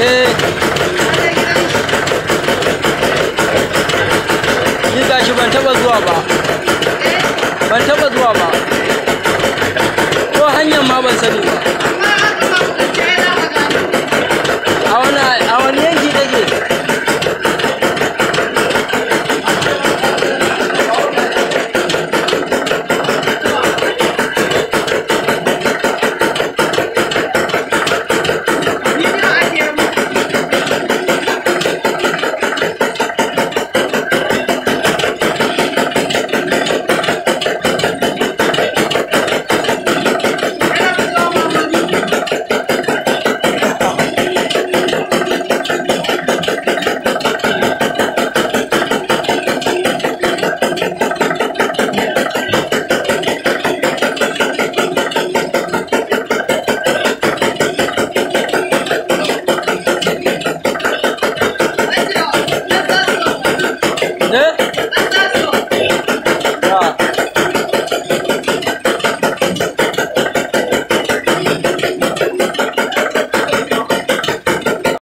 Eh. ni gashi ban taba zuwa ba ban taba zuwa ba ko hanyar ma ban sani